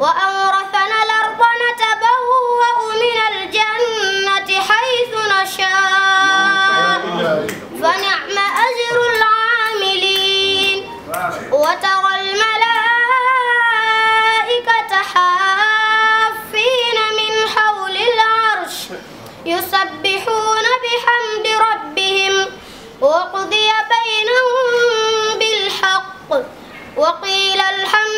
وأورثنا الأرض نتبوأ من الجنة حيث نشاء فنعم أجر العاملين وترى الملائكة حافين من حول العرش يسبحون بحمد ربهم وقضي بينهم بالحق وقيل الحمد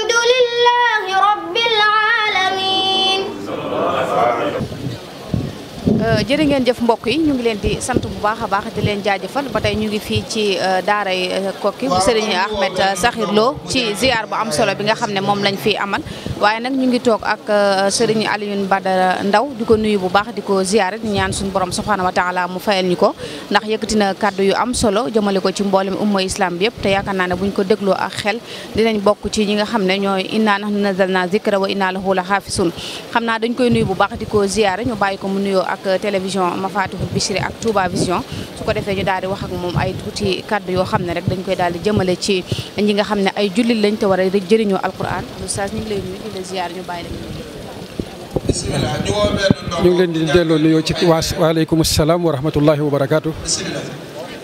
jërë ngeen jëf mbokk yi ñu ngi leen di sant bu baax a baax di leen jaajëfal ba tey ñu ngi fii ci euh, daaray euh, kokki bu sëriñ Ahmed Sakhir Lo ci ziar bu am solo bi nga xam ne moom lañ fi amal waaye nag ñu ngi toog ak euh, sëriñ Alioune Badara Ndaw di ko nuyu bu baax di ko ziar di ñaan suñu borom subhaana wa taala mu fayal ñu ko ndax yëkkati na kàddu yu am solo jëmale ko ci mboolem umma islam yëpp te yaakaar naa ne buñ ko dégloo ak xel dinañ bokk ci nga xam ne ñooy innaa nahnu nazzalna zikra wa la xaafisun xam naa dañ mu nuyoo ak télévision ma Fatihul Bichri ak Touba Vision su ko defee ñu daal di wax ak moom ay tuuti kaddu yoo xam ne rek dañ koy daal di jëmale ci ñi nga xam ne ay jullit lañ te war a jëriñoo alquran oustaz ñu ngi lay nuyu di ñu bàyyi la ñu ngi leen di delloo nuyoo ci waa waaleykum salaam wa rahmatullahi wa barakaatu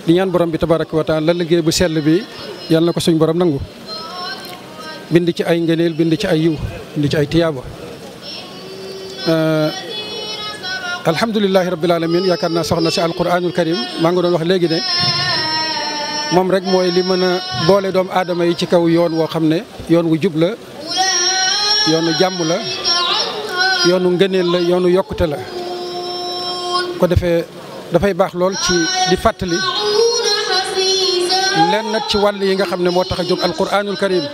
di ñaan borom bi tabaraka wa taala liggéey bu sell bi yàlla na ko suñ borom nangu bind ci ay ngëneel bind ci ay yiw bind ci ay tiyaaba alhamdulilahi rabil alamin yaakaar naa soxna si alquranul karim maa ngi doon wax léegi ne moom rek mooy li mën a boole doom aadama yi ci kaw yoon woo xam ne yoon wu jub la yoonu jàmm la yoonu ngëneel la yoonu yokkute la ko defee dafay baax lool ci di fàttali leen nag ci wàll yi nga xam ne moo tax a jóg alquranul karim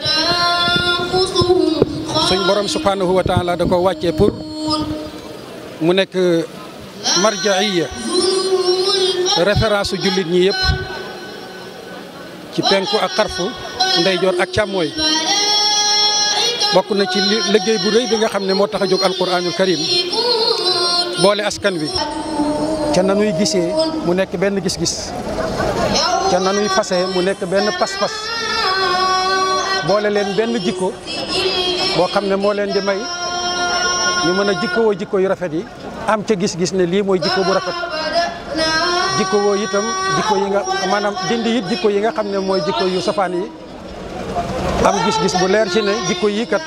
suñ borom subhanahu wa taala da ko wàccee pour mu nekk marjaiya référence jullit ñi yëpp ci penku ak xarfu ndeyjoor ak càmmooy bokk na ci liggéey bu rëy bi nga xam ne moo tax a jóg alquranul karim boole askan wi ca nanuy gisee mu nekk benn gis-gis ca nanuy fase mu nekk benn pas-pas boole leen benn jikko boo xam ne moo leen di may ñu mën a jikkoo jikko yu rafet yi am ca gis-gis ne lii mooy jikko bu rafet jikko woo itam jikko yi nga maanaam dindi it jikko yi nga xam ne mooy jikko yu safaan yi am gis-gis bu leer ci ne jikko yi kat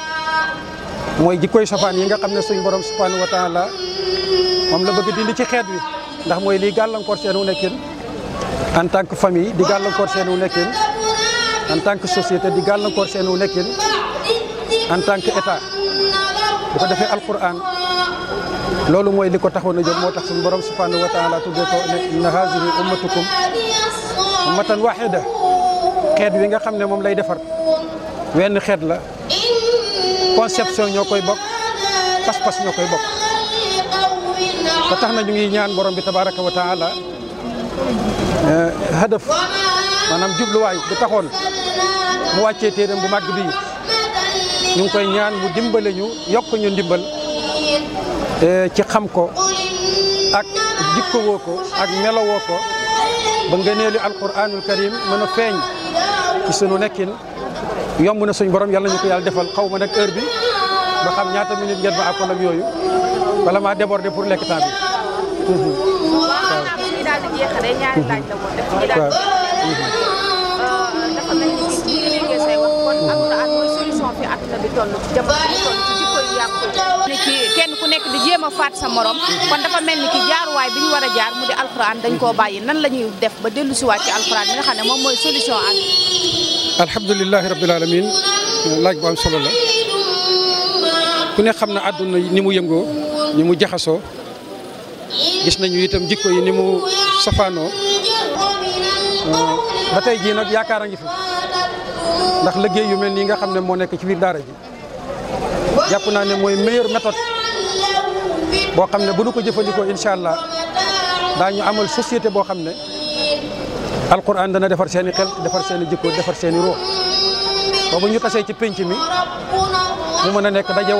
mooy jikkoy safaan yi nga xam ne suñ borom subhanahu wa taala moom la bëgg dindi ci xeet wi ndax mooy lii gàllankoor seen wu nekkin en tant que famille di gàllankoor seen wu nekkin en tant que société di gàllankoor seen wu nekkin en tant que état bu ko defee alquran loolu mooy di ko taxoon a jot moo tax suñu borom subhanahu wa taala tuddee ko ne inna haadihi ummatukum ummatan waahida xeet wi nga xam ne moom lay defar wenn xeet la conception ñoo koy bokk pas-pas ñoo koy bokk ba tax na ñu ngi ñaan borom bi tabaraka wa taala eh, hadaf maanaam jubluwaay bu taxoon mu wàccee téeram bu màgg bi ñu ngi koy ñaan mu dimbale ñu yokk ñu Euh, ci xam ko ak jikkowoo ko ak melowoo ko ba ngëneelu alquranul karim mën a feeñ ci sunu nekkin yomb na suñ borom yàlla ñu ko yàlla defal xaw ma nag heure bi ba ñaata minute ngeen ma àkkoon ak yooyu wala lekk temps bi. waaw ñu daal di jeexalee ñaari laaj la bi toll jamono bi kenn ku nekk di jéem a faat sa morom kon dafa mel ni ki jaaruwaay bi ñu war a jaar mu di alxuraan dañ koo bàyyi nan la ñuy def ba dellu si waat ci alxuraan bi nga xam ne moom mooy solution ak alhamdulilahi rabbil alamin laaj bu solo la ku xam na àdduna ni mu yëngoo ni mu jaxasoo gis nañu itam jikko yi ni mu safaanoo ba tey jii nag yaakaar a ngi fi ndax liggéey yu mel nii nga xam ne moo nekk ci biir daara ji jàpp naa ne mooy meilleure méthode boo xam ne bu nu ko jëfandikoo incha allah daañu amal société boo xam ne alquran dana defar seen i xel defar seen i jikko defar seen i ruux ñu tasee ci pénc mi mu mën a nekk daje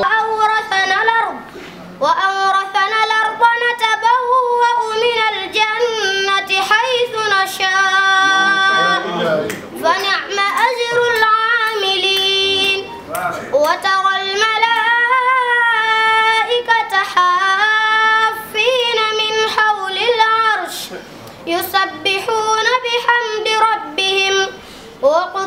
woo Opa!